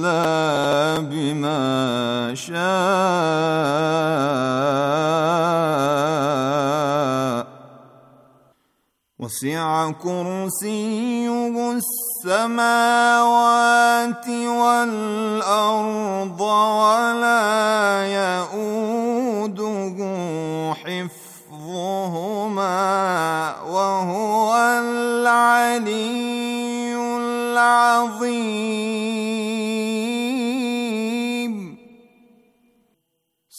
إلا بما شاء وسع كرسيه السماوات والأرض ولا يؤوده حفظهما وهو العلي العظيم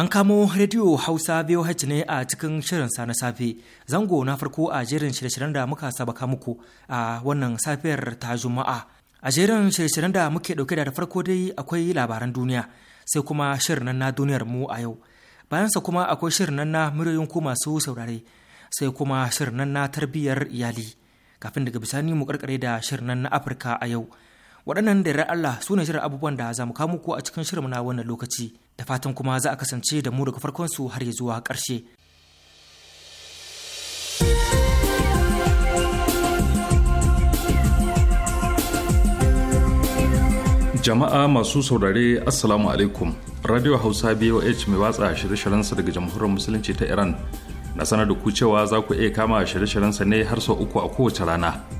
An kamo rediyo Hausa VOH ne a cikin shirin sa na safe. Zango na farko a jerin shirye-shiryen da muka sabaka muku a wannan safiyar ta Juma'a. A jerin shirye-shiryen da muke dauke da farko dai akwai labaran duniya, sai kuma shirin na duniyar mu a yau. Bayansa kuma akwai shirin na muryoyin ku masu saurare, sai kuma shirin na tarbiyyar iyali. Kafin daga bisani mu karkare da shirin na Afirka a yau. Waɗannan da Allah su ne shirin abubuwan da za mu kawo muku a cikin shirin na wannan lokaci. da fatan kuma za a kasance da mu daga farkon su har ya zuwa karshe. Jama'a masu saurare Assalamu alaikum Radio Hausa BOH mai watsa shirye-shiryensa daga Jamhuriyar Musulunci ta Iran na sanar da ku cewa za ku iya kama shirye-shiryensa ne har sau uku a kowace rana.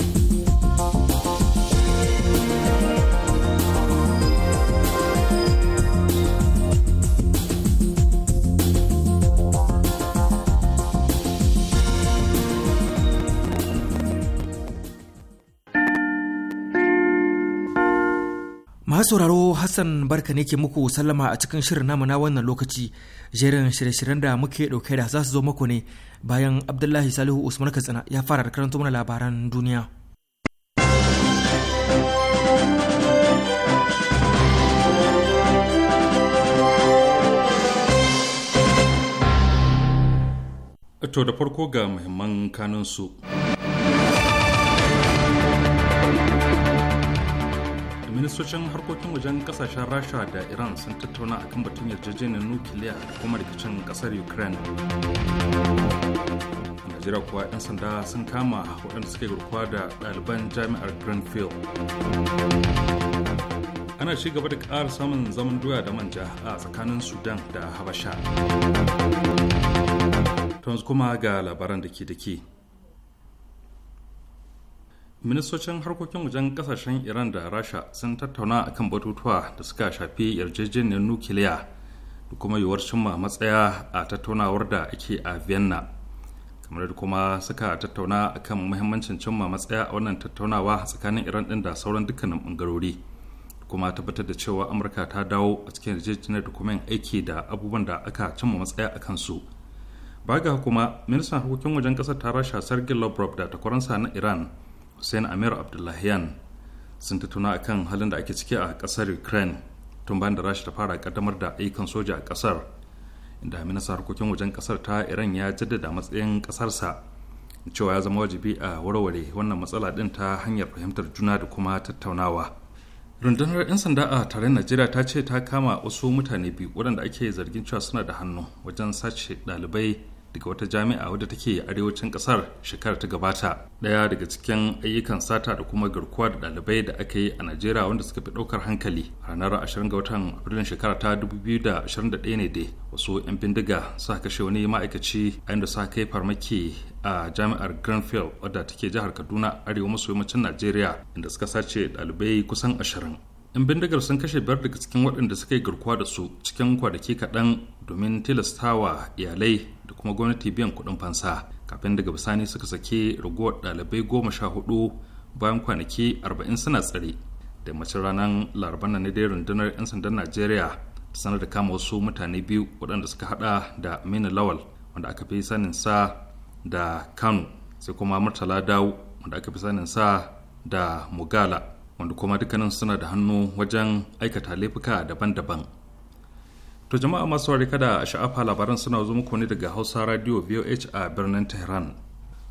Masu sauraro Hassan barka ne ke muku sallama a cikin shirin namu na wannan lokaci jerin shirye-shiryen da muke ɗauke da za su zo muku ne bayan Abdullahi Salihu Usman Katsina ya fara da karanto mana labaran duniya. To da farko ga muhimman kanunsu. ministocin harkokin wajen kasashen rasha da iran sun tattauna akan batun yarjejeniyar nukiliya da kuma rikicin kasar ukraine a najeriya kuwa 'yan sanda sun kama waɗanda suke garkuwa da ɗaliban jami'ar greenfield ana ci gaba da ƙara samun zaman doya da manja a tsakanin sudan da habasha yanzu kuma ga labaran da ke da ke ministocin harkokin wajen kasashen iran da rasha sun tattauna akan batutuwa da suka shafi yarjejeniyar nukiliya da kuma yiwuwar cimma matsaya a tattaunawar da ake a vienna kamar da kuma suka tattauna akan muhimmancin cimma matsaya a wannan tattaunawa tsakanin iran din da sauran dukkanin bangarori kuma tabbatar da cewa amurka ta dawo a cikin yarjejeniyar dokumen aiki da abubuwan da aka cimma matsaya a kansu baga kuma ministan harkokin wajen kasar ta rasha sergei lavrov da takwaransa na iran hussein amir Abdullahiyan sun a kan halin da ake ciki a ƙasar ukraine tun bayan da rasha ta fara kaddamar da ayyukan soja a ƙasar inda minista harkokin wajen ƙasar ta iran ya jaddada matsayin ƙasarsa cewa ya zama wajibi a warware wannan matsala din ta hanyar fahimtar juna da kuma tattaunawa rundunar 'yan sanda a tarayyar najeriya ta ce ta kama wasu mutane biyu waɗanda ake zargin cewa suna da hannu wajen sace ɗalibai daga wata jami'a wadda take arewacin kasar shekara ta gabata daya daga cikin ayyukan sata da kuma garkuwa da dalibai da aka yi a najeriya wanda suka fi daukar hankali ranar 20 ga watan afrilun shekara ta 2021 ne dai wasu 'yan bindiga suka kashe wani ma'aikaci a inda suka kai farmaki a jami'ar Grenfell wadda take jihar kaduna arewa maso yammacin najeriya inda suka sace dalibai kusan ashirin 'yan bindigar sun kashe biyar daga cikin waɗanda suka yi garkuwa da su cikin kwanaki kaɗan domin tilastawa iyalai kuma gwamnati biyan kuɗin fansa kafin daga bisani suka sake ragowar ɗalibai goma sha hudu bayan kwanaki arba'in suna tsare da mace ranar laraba na dai rundunar 'yan sandan najeriya ta sanar da kama wasu mutane biyu waɗanda suka hada da aminu lawal wanda aka fi sanin sa da kano sai kuma murtala dawo wanda aka fi sanin sa da mugala wanda kuma dukkanin suna da hannu wajen aikata laifuka daban-daban To jama'a masu wari kada a sha'afa labaran suna zo muku ne daga Hausa Radio VOH a birnin Tehran.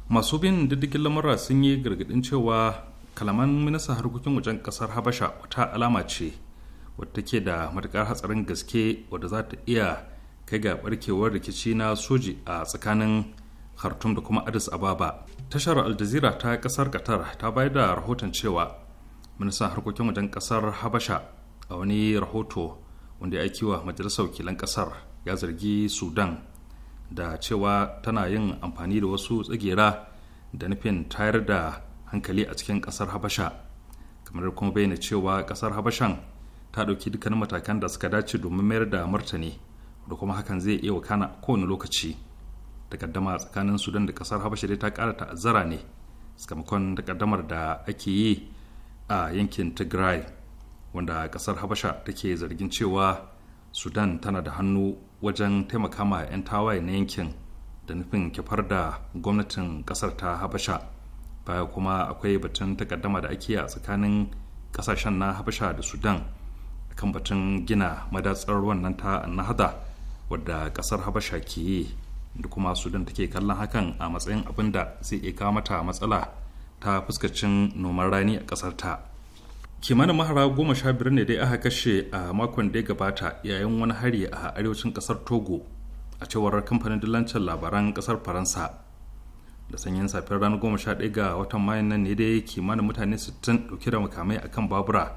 Masu bin diddigin lamura sun yi gargadin cewa kalaman minista harkokin wajen kasar Habasha wata alama ce wadda take da matukar hatsarin gaske wadda za ta iya kai ga barkewar rikici na soji a tsakanin Khartoum da kuma Addis Ababa. Tashar Al Jazeera ta kasar Qatar ta bayar da rahoton cewa ministan harkokin wajen kasar Habasha a wani rahoto wanda ya aiki wa majalisar wakilan kasar ya zargi sudan da cewa tana yin amfani da wasu tsagera da nufin tayar da hankali a cikin kasar habasha kamar kuma bayyana cewa kasar habashan ta ɗauki dukkanin matakan da suka dace domin mayar da martani da kuma hakan zai iya wakana kowane lokaci takaddama tsakanin sudan da kasar habasha dai ta ƙara ta'azzara ne sakamakon takaddamar da ake yi a yankin tigray wanda kasar habasha take zargin cewa sudan tana da hannu wajen taimaka ma 'yan tawaye na yankin da nufin kifar da gwamnatin kasar ta habasha baya kuma akwai batun takaddama da ake a tsakanin kasashen na habasha da sudan kan batun gina madatsar wannan ta nahada wadda kasar habasha ke yi da kuma sudan take kallon hakan a matsayin abin da zai iya kawo mata matsala ta fuskacin noman rani a kasar ta kimanin mahara goma sha biyar ne dai aka kashe a makon da ya gabata yayin wani hari a arewacin kasar togo a cewar kamfanin dillancin labaran kasar faransa da sanyin safiyar ranar goma sha ɗaya ga watan mayan nan ne dai kimanin mutane sittin ɗauke da makamai akan babura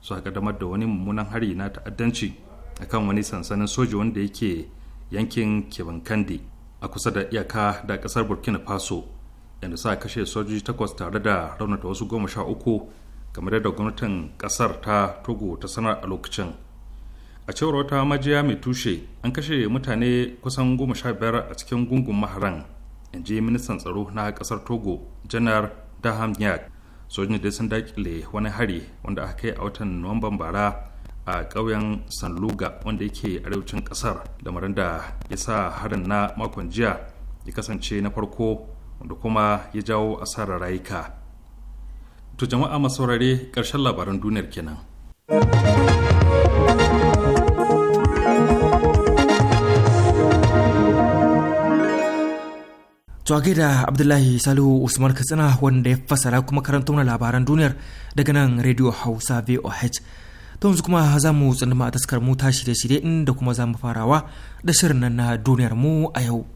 su damar da wani mummunan hari na ta'addanci a kan wani sansanin soja wanda yake yankin kebankande a kusa da iyaka da kasar burkina faso yadda sa kashe sojoji takwas tare da raunata wasu goma sha uku kamar yadda gwamnatin kasar ta togo ta sanar a lokacin a cewar wata majiya mai tushe an kashe mutane kusan goma sha biyar a cikin gungun maharan in ji ministan tsaro na kasar togo janar daham yak sojin da sun dakile wani hari wanda aka kai a watan nuwamban bara a ƙauyen sanluga wanda yake arewacin kasar lamarin da ya sa harin na makon jiya ya kasance na farko wanda kuma ya jawo asarar rayuka To jama'a masu karshen ƙarshen labaran duniyar kenan. To a gaida Abdullahi Salihu Usman Katsina wanda ya fasara kuma karanta mana labaran duniyar daga nan Radio Hausa VOH. To yanzu kuma za mu tsunduma ma taskar mu ta shirye-shirye inda kuma za mu farawa da shirin nan na duniyar mu a yau.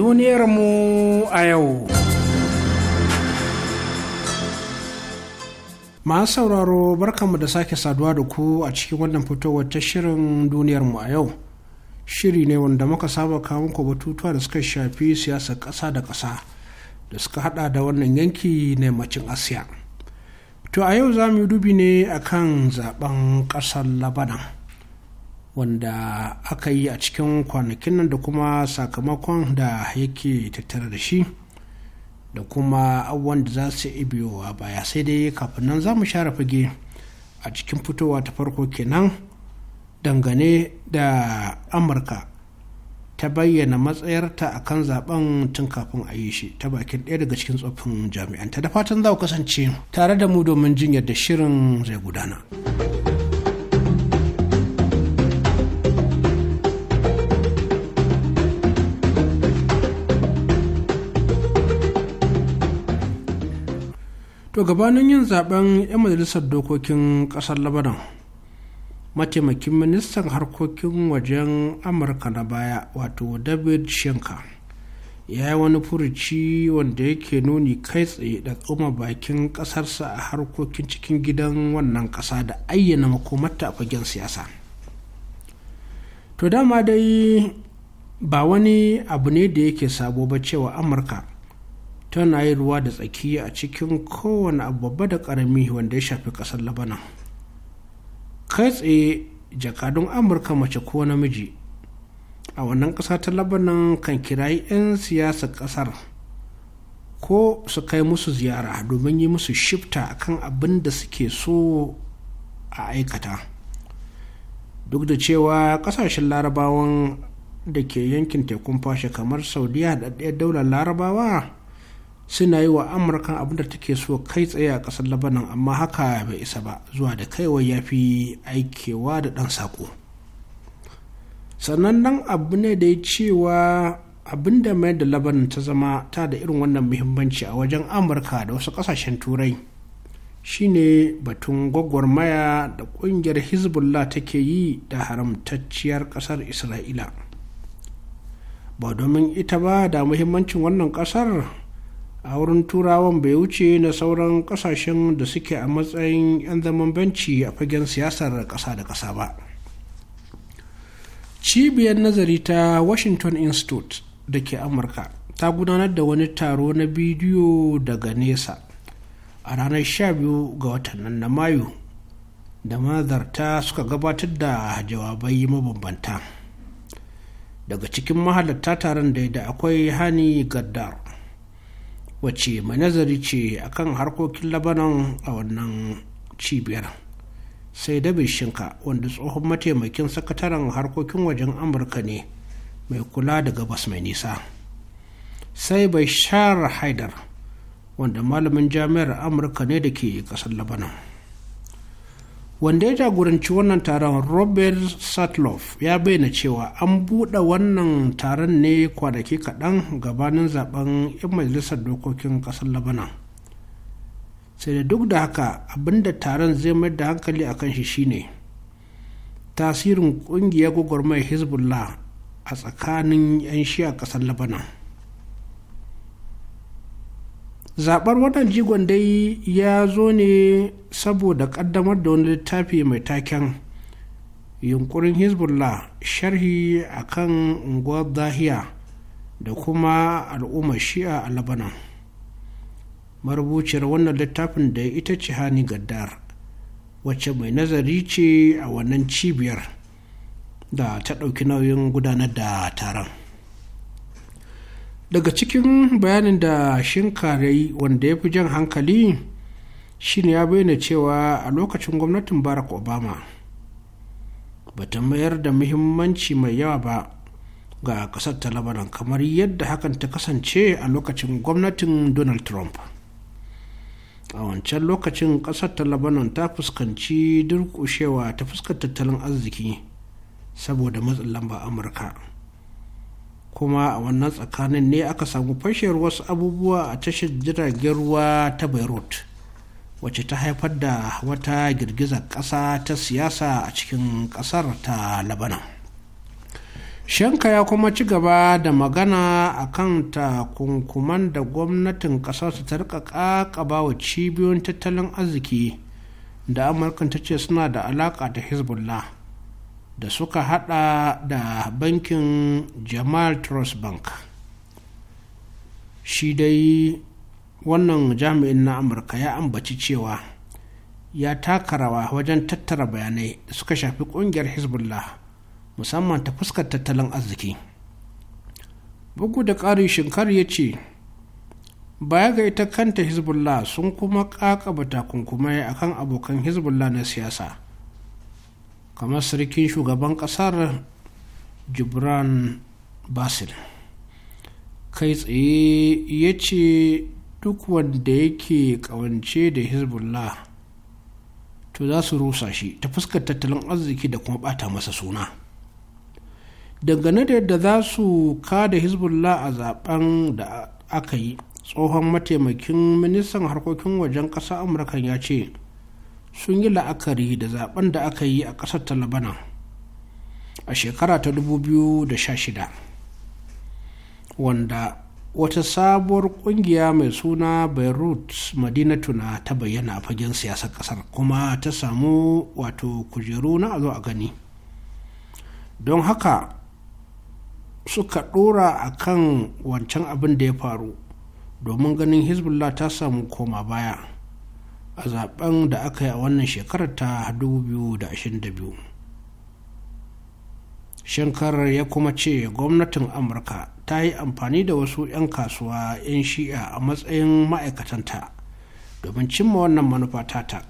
Duniyarmu a yau. Masu sauraro barkanmu da sake saduwa da ku a cikin wannan fitowar ta shirin duniyarmu a yau. Shiri ne wanda muka saba kawo muku batutuwa da suka shafi siyasar ƙasa da ƙasa da suka hada da wannan yanki na yammacin Asiya. To a yau za mu yi dubi ne akan zaben ƙasar Labanan. wanda aka yi a cikin kwanakin nan da kuma sakamakon da yake tattare da shi da kuma abubuwan da za su biyowa baya sai dai kafin nan za mu share fage a cikin fitowa ta farko kenan dangane da amurka ta bayyana matsayarta a kan zaben tun kafin a yi shi ta bakin ɗaya daga cikin tsoffin jami'an ta da fatan za ku kasance tare da mu domin jin yadda shirin zai gudana. to gabanin yin zaben 'yan majalisar dokokin kasar labaran mataimakin ministan harkokin wajen amurka na baya wato david shinka ya yi wani furuci wanda yake nuni kai tsaye da tsoma bakin kasarsa a harkokin cikin gidan wannan kasa da ayyana makomata a fagen siyasa to dama dai ba wani abu ne da yake sabo ba cewa amurka tana yi ruwa da tsaki a cikin kowane abu babba da ƙarami wanda ya shafi ƙasar labanan kai tsaye jakadun amurka mace ko namiji a wannan ƙasa ta labanan kan kirayi 'yan siyasa ƙasar ko su kai musu ziyara domin yi musu shifta akan abin da suke so a aikata duk da cewa ƙasashen larabawan da ke yankin tekun fashe kamar saudiya da ɗaya daular larabawa suna yi wa amurkan abin da take so kai tsaye a ƙasar labanan amma haka bai isa ba zuwa da kaiwa ya fi aikewa da ɗan saƙo sannan nan abu ne da ya cewa abin da mai da labanan ta zama ta da irin wannan muhimmanci a wajen amurka da wasu ƙasashen turai shine batun maya da ƙungiyar hezbollah take yi da haramtacciyar ƙasar isra'ila ba domin ita ba da muhimmancin wannan ƙasar a wurin turawan bai wuce na sauran kasashen da suke a matsayin 'yan zaman benci a fagen siyasar ƙasa da ƙasa ba cibiyar nazari ta washington institute da ke amurka ta gudanar da wani taro na bidiyo daga nesa a ranar 12 ga watan nan na mayu da manazarta suka gabatar da jawabai mabambanta daga cikin mahalarta taron da akwai hani gaddar wacce mai nazari ce kan harkokin labanon a wannan cibiyar sai dabi shinka wanda tsohon mataimakin sakataren harkokin wajen amurka ne mai kula da gabas mai nisa sai bashar haidar wanda malamin jami'ar amurka ne da ke kasar labanon wanda ya jagoranci wannan taron robert satloff ya bayyana cewa an buɗe wannan taron ne kwanaki kaɗan gabanin zaben 'yan majalisar dokokin ƙasar labanan sai da duk da haka abinda taron zai mayar da hankali a kan shi shine tasirin ƙungiyar gwagwarmayar hezbollah a tsakanin 'yan shi a ƙasar labanan zaɓar wannan jigon dai ya zo ne saboda ƙaddamar da wani littafi mai taken yunkurin hezbollah sharhi a kan unguwar zahiya da kuma al'ummar shi'a a labanan marubuciyar wannan littafin da ita ce hani gaddar wacce mai nazari ce a wannan cibiyar da ta ɗauki nauyin gudanar da taron daga cikin bayanin da shinkarai wanda ya fi jan hankali shine ya bayyana cewa a lokacin gwamnatin barack obama ba ta mayar da muhimmanci mai yawa ba ga kasar ta labaran kamar yadda hakan ta kasance a lokacin gwamnatin donald trump a wancan lokacin kasar ta labanan ta fuskanci durkushewa ta fuskar tattalin arziki saboda matsin lamba amurka kuma a wannan tsakanin ne aka samu fashewar wasu abubuwa a tashar jiragen ruwa ta beirut wacce ta haifar da wata girgizar ƙasa ta siyasa a cikin ƙasar ta labanan shanka ya kuma ci gaba da magana a kan takunkuman da gwamnatin ƙasarsa ta rika ƙaƙaba wa cibiyoyin tattalin arziki da amurkan ta ce suna da alaƙa da hezbollah da suka hada da bankin jamal trust bank shi dai wannan jami'in na amurka ya ambaci cewa ya taka rawa wajen tattara bayanai da suka shafi kungiyar hezbollah musamman ta fuskar tattalin arziki bugu da ƙari shinkar ya ce baya ga ita kanta hezbollah sun kuma kakaba takunkumai akan abokan hezbollah na siyasa kamar sarkin shugaban kasar jibran basir kai tsaye ya ce duk wanda yake kawance da hezbollah to za su rusa shi ta fuskar tattalin arziki da kuma bata masa suna dangane da yadda za su kada hezbollah a zaben da aka yi tsohon mataimakin ministan harkokin wajen ƙasa amurka ya ce sun yi la'akari da zaben da aka yi a ƙasar ta labanan a shekara ta 2016 wanda wata sabuwar ƙungiya mai suna beirut tuna ta bayyana a fagen siyasar ƙasar kuma ta samu wato kujeru na zo a gani don haka suka ɗora a kan wancan abin da ya faru domin ganin hezbollah ta samu koma baya a zaben da aka yi a wannan shekarar ta 2022 shankar ya kuma ce gwamnatin amurka ta yi amfani da wasu 'yan kasuwa 'yan shi'a a matsayin ma'aikatanta domin cimma wannan manufa tata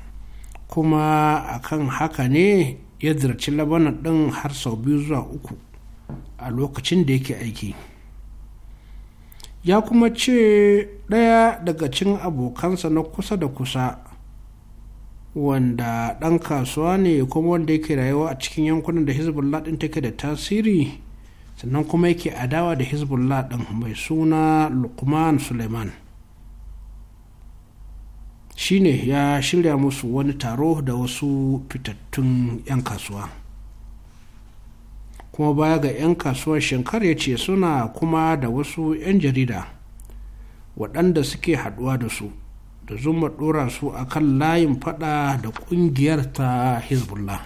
kuma akan haka ne ya zirci labanan ɗin har sau biyu zuwa uku a lokacin da yake aiki ya kuma ce ɗaya daga cin abokansa na kusa da kusa wanda ɗan kasuwa ne kuma wanda yake rayuwa a cikin yankunan da hezbollah ɗin take da tasiri sannan kuma yake adawa da hezbollah ɗin mai suna lukman suleiman shine ya shirya musu wani taro da wasu fitattun 'yan kasuwa kuma baya ga 'yan kasuwar shinkar ya ce suna kuma da wasu 'yan jarida waɗanda suke haɗuwa da su da zuma dora su a kan layin fada da kungiyar ta hezbollah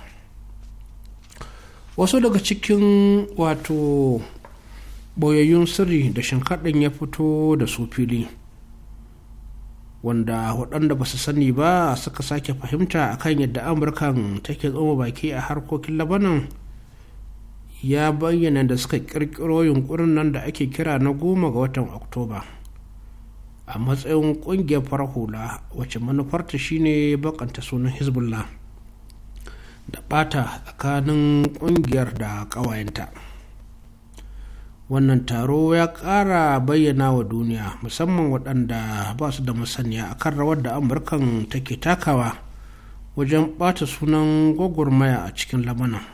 wasu daga cikin wato boyayyun sirri da shinkaɗin ya fito da su fili wanda waɗanda ba su sani ba suka sake fahimta a kan yadda amurka take tsoma baki a harkokin labanan ya bayyana da suka ƙirƙiro yunkurin nan da ake kira na goma ga watan oktoba a matsayin kungiyar farar hula wace manufarta shine bakanta sunan hezbollah da bata tsakanin kungiyar da kawayenta wannan taro ya kara bayyana wa duniya musamman waɗanda ba su da masaniya kan rawar da amurkan take takawa wajen bata sunan gwagwarmaya a cikin lamanan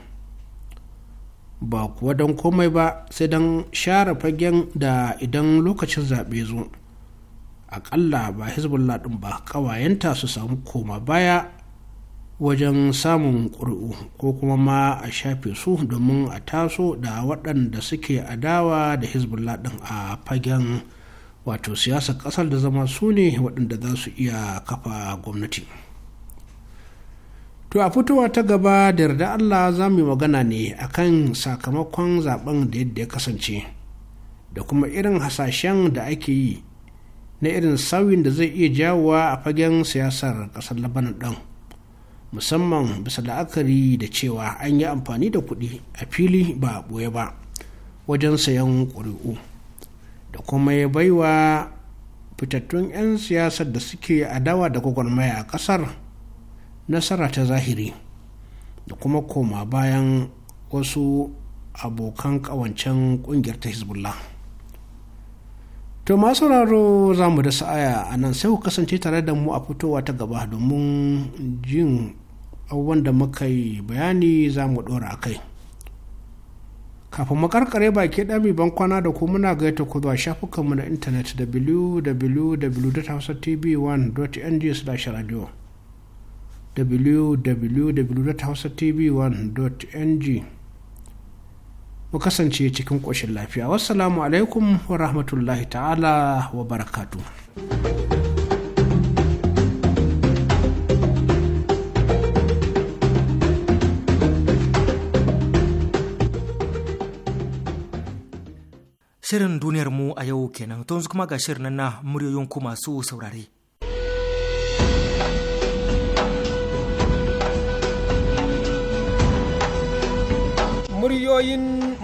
ba kuwa don komai ba sai don share fagen da idan lokacin zaɓe zo akalla ba hezbollah ɗin ba ƙawayenta su samu koma baya wajen samun ƙuri'u ko kuma ma a shafe su domin a taso da waɗanda suke adawa da hezbollah ɗin a fagen wato siyasar ƙasar da zama su ne waɗanda za su iya kafa gwamnati to a fitowa ta gaba da yarda allah za mu yi magana ne akan sakamakon zaben da yadda ya kasance da kuma irin hasashen da ake yi na irin sauyin da zai iya jawowa a fagen siyasar ƙasar labanan ɗin musamman bisa la'akari da cewa an yi amfani da kuɗi a fili ba a ɓoye ba wajen sayan ƙuri'u da kuma ya baiwa fitattun 'yan siyasar da suke adawa da gwagwarmaya a ƙasar nasara ta zahiri da kuma koma bayan wasu abokan ƙawancen ƙungiyar ta hezbollah To sauraro za mu da sa'aya a nan sai ku kasance tare da mu a fitowa ta gaba domin jin abubuwan da muka yi bayani za mu ɗora a kai. Kafin makarkare baki ɗami ban kwana da ku muna gaita ku zuwa shafukanmu na intanet www.hausatv1.ng/radio www.hausatv1.ng mu kasance cikin ƙoshin lafiya wassalamu alaikum wa rahmatullahi ta'ala wa barakatu. Shirin duniyar mu a yau kenan, to yanzu kuma ga shirin na muryoyin ku masu saurare. Muryoyin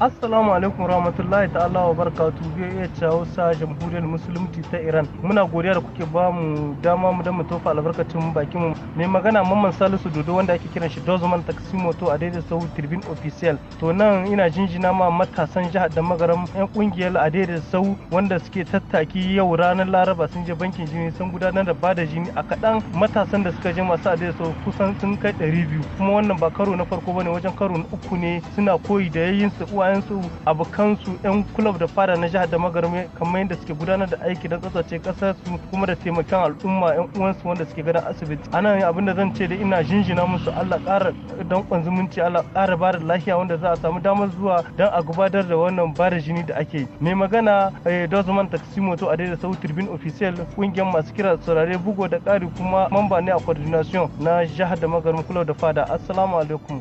Assalamu alaikum rahmatullahi ta'ala wa barakatu biyu iya cawo Hausa jamhuriyar musulunci ta Iran. Muna godiya da kuke ba mu dama mu da mu tofa albarkacin bakin mu. Mai magana Mamman Salisu Dodo wanda ake kiran shi Dozman Taksimoto a daidai sau Tribune Official. To nan ina jinjina ma matasan jihar da magaram yan kungiyar a daidai sau wanda suke tattaki yau ranar Laraba sun je bankin jini sun gudanar da bada jini a kaɗan matasan da suka je masu a daidai sau kusan sun kai ɗari biyu. Kuma wannan ba karo na farko bane wajen karo na uku ne suna koyi da yayin su uwa su abokansu 'yan kulab da fada na jihar da magarmi kamar yadda suke gudanar da aiki don tsatsace kasar su kuma da taimakon al'umma 'yan uwansu wanda suke gadon asibiti ana yin abin da zan ce da ina jinjina musu Allah ƙara danƙon zumunci Allah ƙara ba lafiya wanda za a samu damar zuwa don a gudanar da wannan ba da jini da ake mai magana eh, Dozman moto a daidai sau tribune official kungiyar masu kira saurare bugo da ƙari kuma mamba ne a coordination na jihar da magarmi kulab da fada assalamu alaikum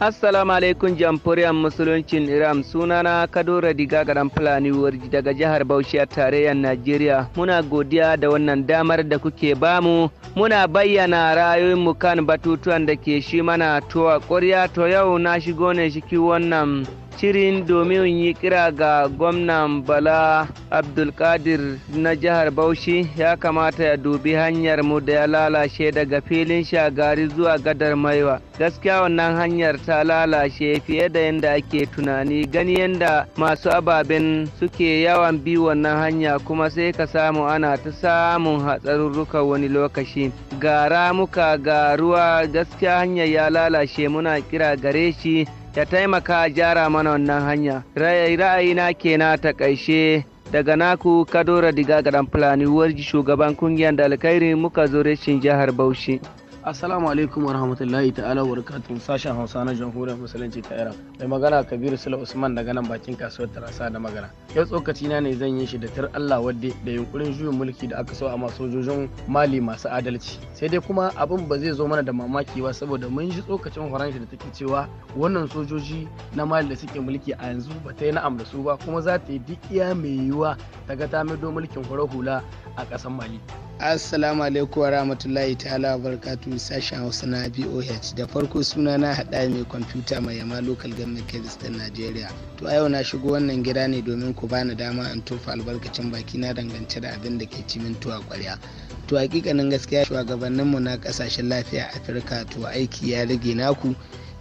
Assalamu alaikum jamhuriyar musuluncin Iran sunana Kadura Diga garan Fulani Warji daga jihar Bauchi a tarayyar Najeriya. Muna godiya da wannan damar da kuke bamu. Muna bayyana ra'ayoyin mu kan batutuwan da ke shi mana tuwa kuriya to yau na shigo ne shiki wannan shirin domin yi kira ga gwamnan bala abdulkadir na jihar bauchi ya kamata ya dubi hanyar mu da ya lalace daga filin shagari zuwa gadar maiwa gaskiya wannan hanyar ta lalace fiye da yadda ake tunani gani yadda masu ababen suke yawan bi wannan hanya kuma sai ka samu ana ta samun hatsarurruka wani lokaci ga ramuka ga ruwa gaskiya hanyar ya lalace muna kira gare shi ya taimaka gyara mana wannan hanya ra'ayi na ke na ta ƙaishe daga naku kadora diga gadan fulani shugaban kungiyar da alkhairi muka zo rashin jihar bauchi Assalamu alaikum warahmatullahi ta'ala wa barakatuhu sashen Hausa na Jamhuriyar Musulunci ta Iran. Mai magana Kabiru Sula Usman daga nan bakin kasuwar Tarasa da Magana. Yau tsokaci na ne zan yi shi da tar Allah wadde da yunkurin juyin mulki da aka so a sojojin Mali masu adalci. Sai dai kuma abin ba zai zo mana da mamaki ba saboda mun ji tsokacin Faransa da take cewa wannan sojoji na Mali da suke mulki a yanzu ba ta yi na'am da su ba kuma za ta yi duk iya mai yiwuwa ta ga ta maido mulkin hula a ƙasar Mali. Assalamu alaikum warahmatullahi ta'ala wa barakatuhu sashen hausa na boh da farko suna na haɗa mai kwamfuta mai yama local government kebis ta najeriya to a yau na shigo wannan gida ne domin ku bani dama in tofa albarkacin baki na dangance da abin da ke cimin tuwa kwarya to hakikanin gaskiya shugabanninmu na kasashen lafiya afirka to aiki ya rage naku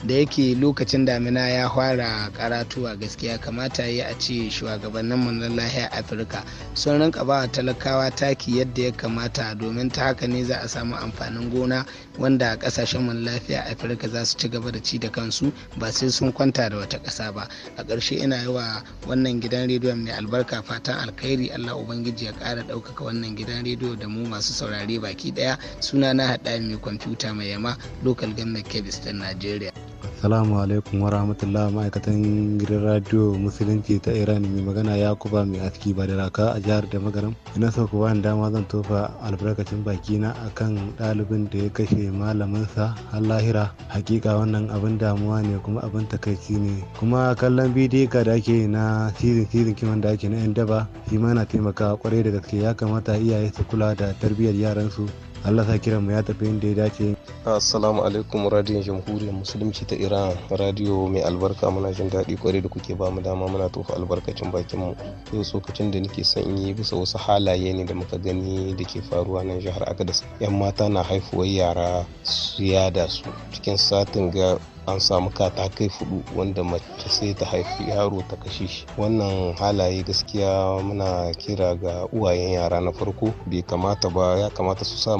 da yake lokacin damina ya fara karatuwa gaskiya kamata yi a ce shuwagabannin na lahiyar afirka sun rinka ba wa talakawa taki yadda ya kamata domin ta haka ne za a samu amfanin gona wanda kasashen na lafiya afirka za su ci gaba da ci da kansu ba sai sun kwanta da wata ƙasa ba a ƙarshe ina yi wa wannan gidan rediyon mai albarka fatan alkhairi allah ubangiji ya ƙara ɗaukaka wannan gidan rediyo da mu masu saurare baki ɗaya suna na haɗa mai kwamfuta mai yama lokal gannan kebis ɗin najeriya Assalamu alaikum wa rahmatullah ma'aikatan gidan radiyo musulunci ta Iran mai magana Yakuba mai aski ba da raka a jihar da magaram. Ina so ku bani dama zan tofa albarkacin bakina akan ɗalibin da ya kashe malaminsa har lahira. Hakika wannan abin damuwa ne kuma abin takaici ne. Kuma kallon bidiyo da ake na sirin sizin kiman da ake na 'yan daba shi ma yana taimakawa kwarai da gaske ya kamata iyaye su kula da tarbiyyar yaransu Allah sa kiran mu ya tafi inda ya dace Assalamu alaikum radiyon jamhuriyar musulunci ta Iran radiyo mai albarka muna jin daɗi kwarai da kuke ba mu dama muna tofa albarkacin bakin mu yau tsokacin da nake son yi bisa wasu halaye ne da muka gani da ke faruwa nan jihar Agadez yan mata na haifuwar yara su yada su cikin satin ga an samu katakai fudu wanda mace sai ta haifi yaro ta kashe shi wannan halaye gaskiya muna kira ga uwayen yara na farko bai kamata ba ya kamata su sa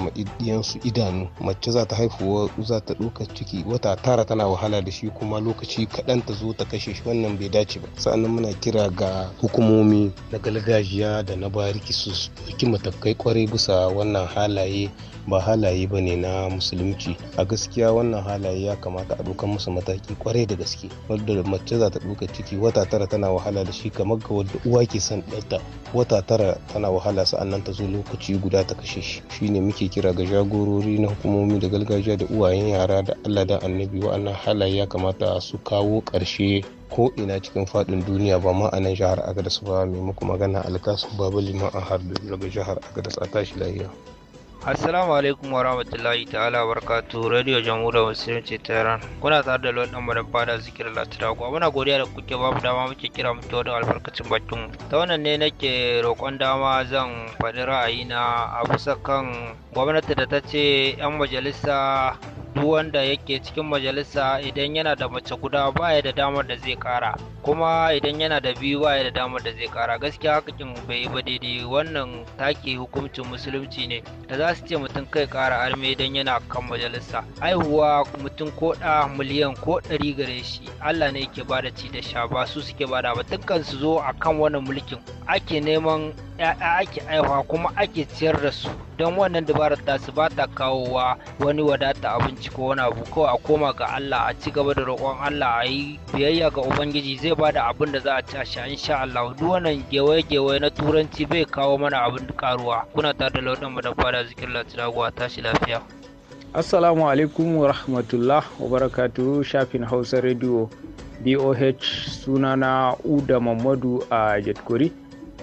su idanu mace za ta haifu za ta ɗauka ciki wata tara tana wahala da shi kuma lokaci kaɗan ta zo ta kashe shi wannan bai dace ba sa'annan muna kira ga hukumomi na gargajiya da na bariki su ɗauki matakai kwarai bisa wannan halaye ba halaye ba ne na musulunci a gaskiya wannan halaye ya kamata a ɗaukan musu mataki kwarai da gaske wadda mace za ta ɗauka ciki wata tara tana wahala da shi kamar ga wadda uwa ke son ɗanta wata tara tana wahala sa'annan ta zo lokaci guda ta kashe shi Shi ne muke kira ga jagorori na hukumomi da gargajiya da uwayen yara da allah da annabi wa'annan halaye ya kamata su kawo ƙarshe ko ina cikin fadin duniya ba ma a jihar agadas ba maimakon magana alkasu babu liman a da daga jihar agadas a tashi lahiya Assalamu alaikum wa rahmatullahi ta'ala wa barakatu Radio Jamhuriyar Musulunci Tehran. Kuna tare da Lord Amma dan fada zikir ta dago muna godiya da kuke babu dama muke kira muke wani albarkacin bakin mu. Ta wannan ne nake roƙon dama zan faɗi ra'ayina a bisa kan gwamnati da ta ce 'yan majalisa duk wanda yake cikin majalisa idan yana da mace guda ba ya da damar da zai kara kuma idan yana da biyu ba ya da damar da zai kara gaskiya hakakin bai ba daidai wannan take hukuncin musulunci ne da za su ce mutum kai kara arme idan yana kan majalisa aihuwa mutum ko da miliyan ko ɗari gare shi allah ne yake bada ci da sha ba su suke bada ba dukkan su zo akan wannan mulkin ake neman ya'ya ake aihuwa kuma ake ciyar da su don wannan dabarar ta su ba ta kawowa wani wadata abinci abinci ko wani abu kawai a koma ga Allah a ci gaba da roƙon Allah a yi biyayya ga ubangiji zai bada abin da za a ci a sha insha Allah duk wannan gewaye-gewaye na turanci bai kawo mana abin karuwa kuna tare da lauɗin mu da fara zikin latirawa tashi lafiya. Assalamu alaikum wa rahmatullah wa barakatuh shafin Hausa Radio BOH sunana Uda Mamadu a Jetkuri.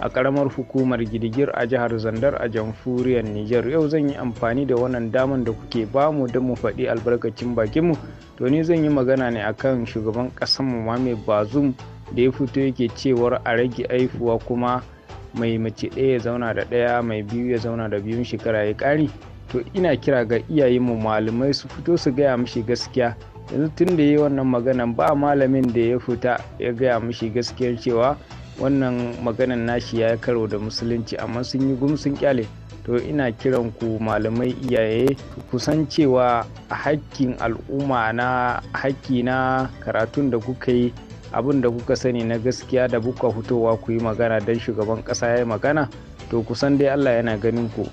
a karamar hukumar gidigir a jihar Zandar a jamhuriyar niger Yau zan yi amfani da wannan daman da kuke bamu don mu faɗi albarkacin bakinmu. To ni zan yi magana ne akan shugaban mu Mame Bazum da ya fito yake cewar a rage aifuwa kuma mai mace ɗaya ya zauna da ɗaya mai biyu ya zauna da biyun shekara ya ƙari. To ina kira ga iyayenmu malamai su fito su gaya mishi gaskiya yanzu tun da yi wannan maganan ba malamin da ya fita ya gaya mishi gaskiyar cewa wannan maganan nashi ya karo da musulunci amma sun yi gumsun kyale to ina kiran ku malamai iyaye kusan cewa hakkin al'umma na hakki na karatun da kuka yi abin da kuka sani na gaskiya da buka fitowa ku yi magana don shugaban ƙasa ya yi magana to kusan dai allah yana ganin ku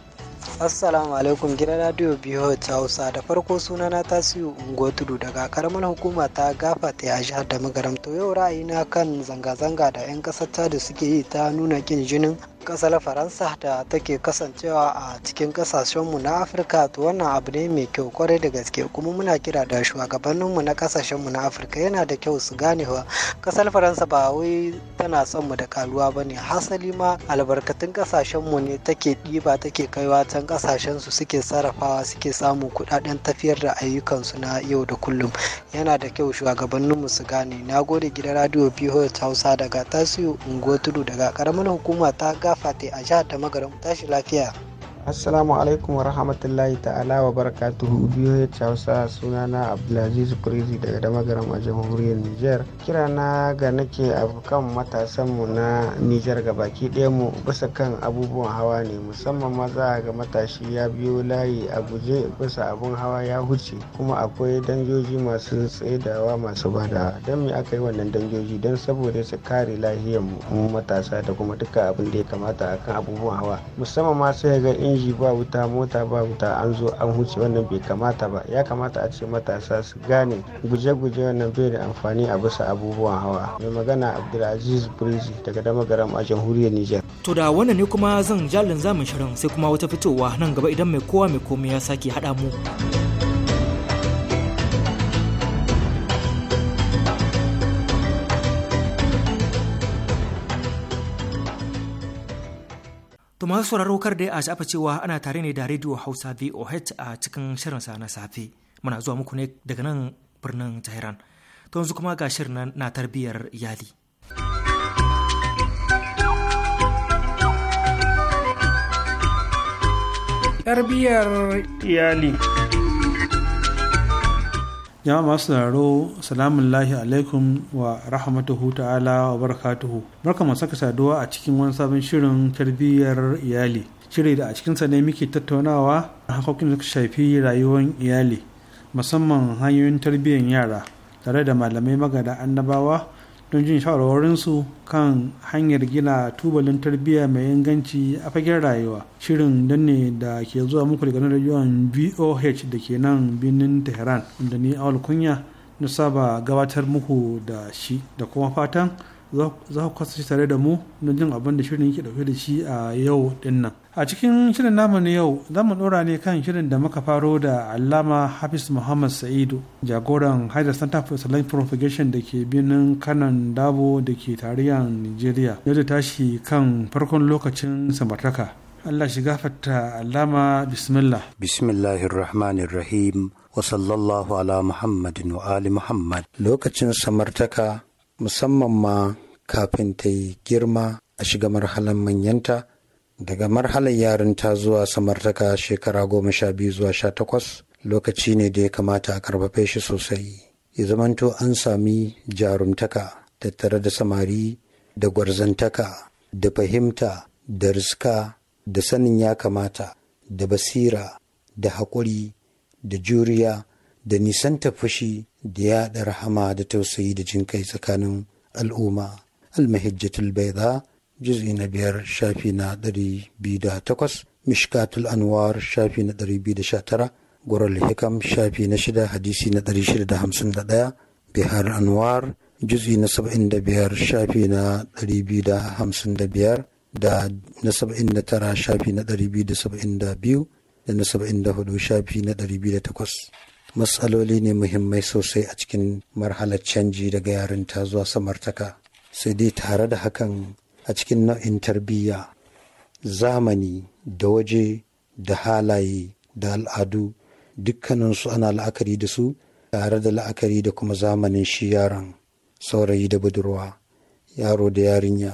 Assalamu alaikum gidan radio BH Hausa da farko sunana ta tasiu unguwa tudu daga karamar hukuma ta gafa ta jihar da magaram to yau ra'ayina kan zanga-zanga da 'yan kasar da suke yi ta nuna ƙin jinin kasar faransa da take kasancewa a cikin kasashenmu na afirka to wannan abu ne mai kyau kwarai da gaske kuma muna kira da shugabanninmu na kasashenmu na afirka yana da kyau su gane wa? kasar faransa ba wai tana son mu da karuwa ba ne hasali ma albarkatun kasashenmu ne take ɗiba take kaiwa can kasashen su suke sarrafawa suke samun kuɗaɗen tafiyar da ayyukansu na yau da kullum yana da kyau shugabanninmu su gane na gode gidan radio biyu hausa daga tasiu unguwa tudu daga Ƙaramin hukuma ta gafa fatai a jihar da magaram tashi lafiya assalamu alaikum wa rahmatullahi ta'ala wa barakatuhu biyo ya hausa suna na abdulaziz kurezi daga damagaram a jamhuriyar nijar kira na ga nake matasan matasanmu na nijar ga baki ɗaya mu bisa kan abubuwan hawa ne musamman maza ga matashi ya biyo layi a guje bisa abun hawa ya huce kuma akwai dangoji masu tsaidawa masu bada don me aka yi wannan dangoji don saboda su kare lahiyar mu matasa da kuma duka abin da ya kamata akan abubuwan hawa musamman ma sai ga in inji ba wuta mota ba wuta an zo an huce wannan bai kamata ba ya kamata a ce matasa su gane guje-guje wannan bai da amfani a bisa abubuwan hawa mai magana abdulaziz burji daga damagaram a jamhuriyar niger to da wannan ne kuma zan jalin zamin shirin sai kuma wata fitowa nan gaba idan mai kowa mai komai ya sake haɗa mu. masu sauraro kar dai a shafa cewa ana tare ne da Radio Hausa VOH a cikin shirin sa na safe. Muna zuwa muku ne daga nan birnin Tehran. To yanzu kuma ga shirin na tarbiyyar iyali. Tarbiyyar iyali. jama'a masu sauraro salamun lahi alaikum wa rahmatuhu ta'ala wa barakatuhu barka mu saka saduwa a cikin wani sabon shirin tarbiyyar iyali shiri da a sa ne muke tattaunawa hakokin da shafi rayuwar iyali musamman hanyoyin tarbiyyar yara tare da malamai magana annabawa don jin shawarwarinsu kan hanyar gina tubalin tarbiyya mai inganci a fagen rayuwa shirin danne da ke zuwa muku daga na rajon boh da ke nan birnin tehran da ni awal kunya na saba gabatar muku da shi da kuma fatan za ku kasance tare da mu na jin abin da shirin yake dauke da shi a yau din A cikin shirin namu na yau za mu dora ne kan shirin da muka faro da Allama Hafiz Muhammad Sa'idu jagoran hajjar Center for Islamic Propagation da ke birnin Kanan Dabo da ke tarayyar Nigeria. Yadda da tashi kan farkon lokacin samartaka. Allah shi gafarta Allama Bismillah. Bismillahirrahmanirrahim. wa sallallahu ala Muhammadin wa ali Muhammad. Lokacin samartaka musamman ma kafin ta yi girma a shiga marhalar manyanta daga marhalar yarinta zuwa samartaka shekara goma sha biyu zuwa sha takwas lokaci ne da ya kamata a karfafe shi sosai ya zamanto an sami jarumtaka tattare da samari da gwarzantaka da fahimta da riska da sanin ya kamata da basira da haƙuri da juriya da nisan fushi da yaɗa rahama da tausayi da jin kai tsakanin al'umma almahijjatul baida juz'i na biyar shafi na ɗari biyu da takwas mishkatul anwar shafi na ɗari biyu da sha tara gural hikam shafi na shida hadisi na ɗari shida da hamsin da ɗaya bihar anwar juz'i na saba'in da biyar shafi na ɗari biyu da hamsin da biyar da na saba'in da tara shafi na ɗari biyu da saba'in da biyu da na saba'in da hudu shafi na ɗari biyu da takwas. matsaloli ne muhimmai sosai a cikin marhalar canji daga yarinta zuwa samartaka sai dai tare da hakan a cikin nau'in tarbiyya zamani da waje da halaye da al'adu dukkaninsu ana la'akari da su tare da la'akari da kuma zamanin shi yaron saurayi da budurwa yaro da yarinya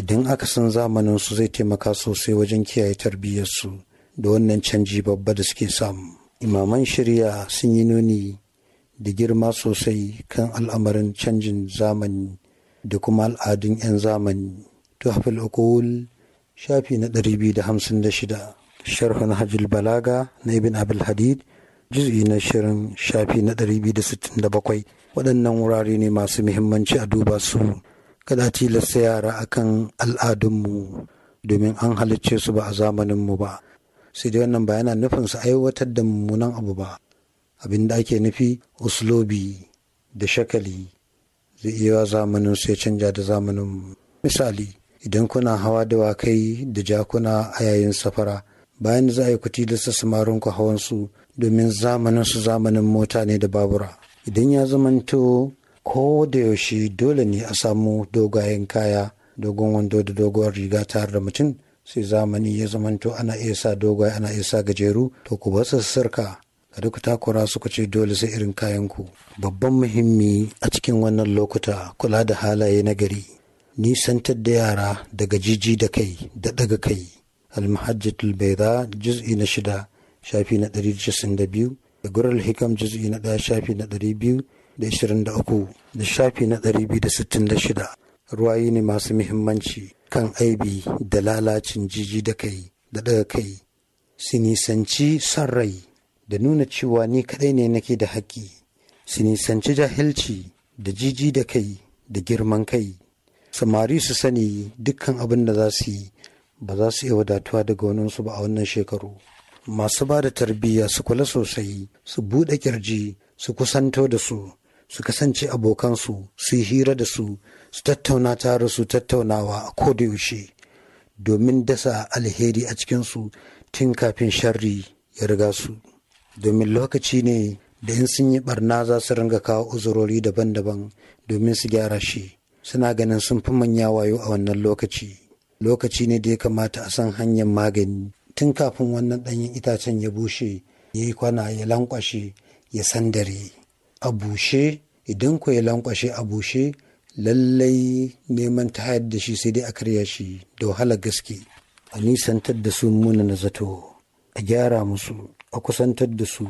idan aka san zamanin su zai taimaka sosai wajen kiyaye tarbiyyarsu da wannan canji babba da suke samu imaman shirya sun yi nuni da girma sosai kan al'amarin canjin zamani da kuma al'adun 'yan zamani tuhafil ukul shafi na 256 sharhun hajjil balaga na ibn abul hadid juz'i na shirin shafi na 267 waɗannan wurare ne masu muhimmanci a duba su kada tilasta yara akan al'adunmu domin an halicce su ba a zamaninmu ba sai dai wannan ba nufin su aiwatar da mummunan abu ba abin da ake nufi uslobi da shakali zai iya zamanin sai canja da zamanin misali idan kuna hawa dawakai da jakuna a yayin safara bayan za a yi kuti da sassamarun ku hawan su, domin zamanin su zamanin mota ne da babura idan ya zamanto ko da yaushe dole ne a samu dogayen kaya dogon wando da doguwar riga tare da mutum sai zamani ya zamanto ana iya sa dogaye ana iya sa gajeru to ku ba su sirka ka duka takura suka ce dole sai irin kayan ku babban muhimmi a cikin wannan lokuta kula da halaye na gari nisantar da yara daga jiji da kai da daga kai almahajjatul baida juz'i na shida shafi na da biyu. da gurar hikam juz'i na ɗaya shafi na biyu. da ishirin da uku, da shafi na biyu da da sittin shida. ruwayi ne masu muhimmanci kan aibi da lalacin jiji da kai da daga kai su nisanci son rai da nuna cewa ni kadai ne nake da haƙƙi su nisanci jahilci da jiji da kai da girman kai samari su sani dukkan abin da za su yi ba za su iya wadatuwa daga wanansu ba a wannan shekaru masu ba da tarbiyya su kula sosai su buɗe kirji su kusanto da su su kasance abokansu su yi hira da su su tattauna tare su tattaunawa a kodayaushe domin dasa alheri a cikinsu tun kafin sharri ya riga su domin lokaci ne da in sun yi barna za su ringa kawo uzurori daban-daban domin su gyara shi suna ganin sun fi manya wayo a wannan lokaci lokaci ne da ya kamata a san hanyar magani tun kafin wannan ɗanyen itacen ya bushe ya yi kwana ya lankwashe ya sandare a bushe idan ku ya lankwashe a bushe lallai neman ta hayar da shi sai dai a karya shi da wahala gaske a nisantar da su muna na zato a gyara musu a kusantar da su.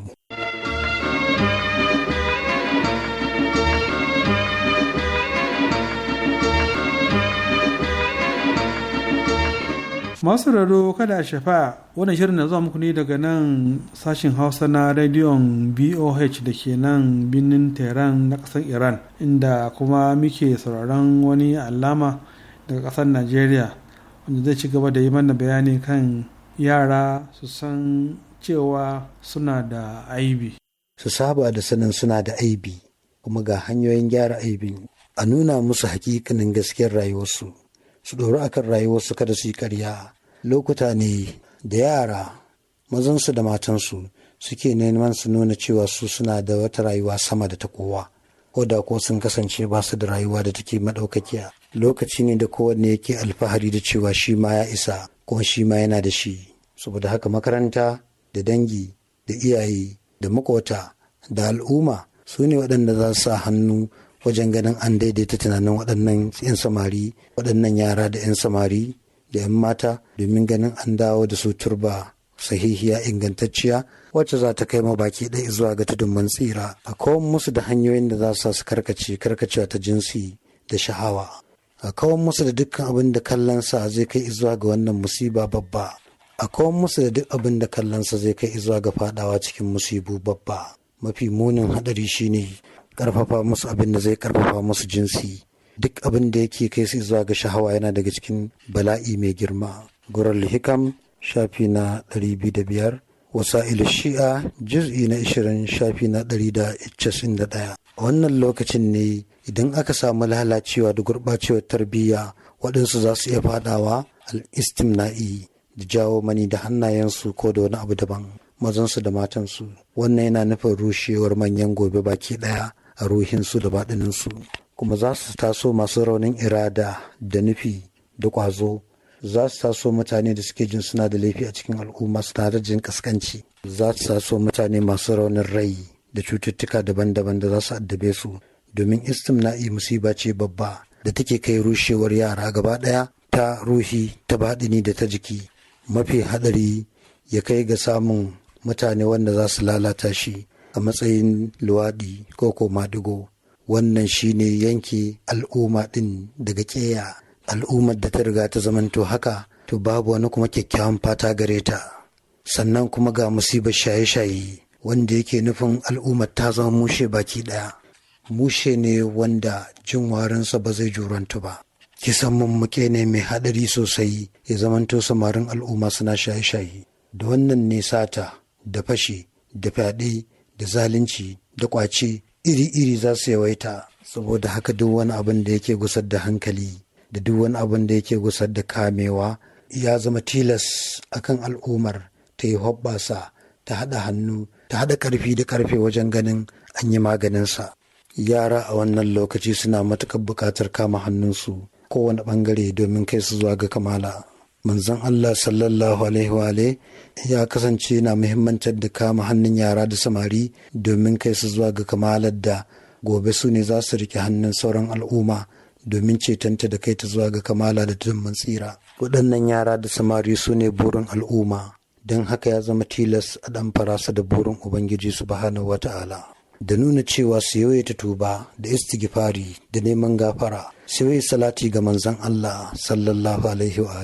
masu raro kada a shafa wannan shirin na zuwa muku ne daga nan sashin hausa na rediyon boh da ke nan birnin tehran na ƙasar iran inda kuma muke sauraron wani alama daga ƙasar nigeria wanda zai ci gaba da yi mana bayani kan yara su san cewa suna da aibi su saba da sanin suna da aibi kuma ga hanyoyin gyara aibin a nuna musu hakikanin gaskiyar rayuwarsu su doru akan rayuwarsu kada su yi ƙarya lokuta ne da yara mazansu da matansu suke neman su nuna cewa su suna da wata rayuwa sama da ta kowa ko da ko sun kasance ba su da rayuwa da take maɗaukakiya lokaci ne da kowanne yake alfahari da cewa shi ma ya isa kuma shi ma yana da shi saboda haka makaranta da dangi da iyaye da makota da al'umma su ne waɗanda za su sa hannu wajen ganin an daidaita tunanin waɗannan 'yan samari waɗannan yara da 'yan samari da 'yan mata domin ganin an dawo da su turba sahihiya ingantacciya wacce za ta kai baki ɗaya zuwa ga tudun tsira a kawan musu da hanyoyin da za su karkace karkacewa ta jinsi da sha'awa. a kawan musu da dukkan abin da kallon sa zai kai zuwa ga wannan musiba babba a kawan musu da duk abin da kallon sa zai kai zuwa ga fadawa cikin musibu babba mafi munin hadari shine karfafa musu abin da zai karfafa musu jinsi duk abin da yake kai su zuwa ga shahawa yana daga cikin bala'i mai girma gural hikam shafi na 205 wasa'il shi'a juz'i na 20 shafi na 191 wannan lokacin ne idan aka samu lalacewa da gurɓacewar tarbiyya waɗansu za su iya faɗawa al'istimna'i da jawo mani da hannayensu ko da wani abu daban mazansu da matansu wannan yana nufin rushewar manyan gobe baki ɗaya A ruhinsu da baɗininsu kuma za su taso masu raunin irada da nufi da ƙwazo za su taso mutane da suke jin suna da laifi a cikin al'umma su tare jin ƙasƙanci. za su taso mutane masu raunin rai da cututtuka daban-daban da za su addabe su domin istimna'i musiba ce babba da take kai rushewar yara gaba ɗaya ta ruhi ta baɗini da ta jiki mafi haɗari ya kai ga samun mutane wanda za su lalata shi a matsayin luwaɗi ko ko madugo wannan shine yanke al'umma ɗin daga ƙeya al'ummar da ta riga ta zamanto haka to babu wani kuma kyakkyawan fata gare ta sannan kuma ga musibar shaye-shaye wanda yake nufin al'ummar ta zama mushe baki ɗaya mushe ne wanda jin warinsa ba zai jurantu ba kisan mummuke ne mai haɗari sosai ya zamanto samarin al'umma suna shaye-shaye da wannan ne sata da fashe da fyaɗe da zalunci da ƙwace iri-iri za su yawaita saboda haka duk wani abin da yake gusar da hankali da duk wani abin da yake gusar da kamewa ya zama tilas akan al'ummar ta yi hoɓɓasa ta haɗa hannu ta haɗa ƙarfi da ƙarfe wajen ganin an yi maganinsa yara a wannan lokaci suna matuƙar buƙatar kama hannunsu kowane ɓangare domin kai su zuwa ga kamala manzon Allah sallallahu alaihi wa ya kasance na muhimmantar da kama hannun yara da samari domin kai su zuwa ga kamalar da gobe su ne za su rike hannun sauran al'umma domin cetanta da kai ta zuwa ga kamala da dimmin tsira. Waɗannan yara da samari su ne burin al'umma, don haka ya zama tilas a ɗan farasa da burin Ubangiji su wata'ala. Da nuna cewa su yawaita tuba da istighfari da neman gafara, su salati ga manzon Allah sallallahu alaihi wa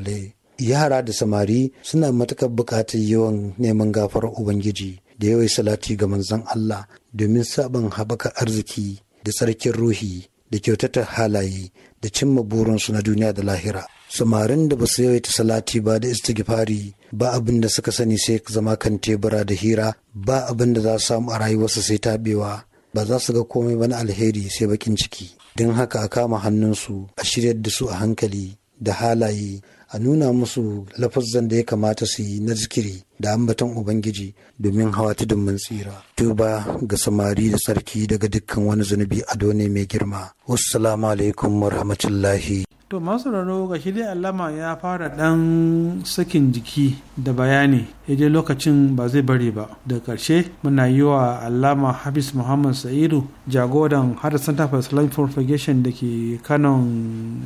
yara da samari suna matuƙar buƙatar yawan neman gafarar ubangiji da yawai salati ga manzon Allah domin saban haɓaka arziki da tsarkin ruhi da kyautata halaye da cimma burinsu na duniya da lahira samarin da ba su yawaita salati ba da istighfari ba abin da suka sani sai zama kan tebura da hira ba abin da za su samu a rayuwarsu sai taɓewa ba za su ga komai ba na alheri sai bakin ciki don haka a kama hannunsu a shiryar da su a hankali da halaye a nuna musu lafazan da ya kamata su yi na zikiri da ambaton ubangiji domin hawa tudun mun tsira tuba ga samari da sarki daga dukkan wani zunubi a ne mai girma wassalamu alaikum warahmatullahi to masu raro ga shi dai alama ya fara dan sakin jiki da bayani ya je lokacin ba zai bari ba da karshe muna yi wa allama hafiz muhammad sa'idu jagoran hada center for islamic propagation da ke kanon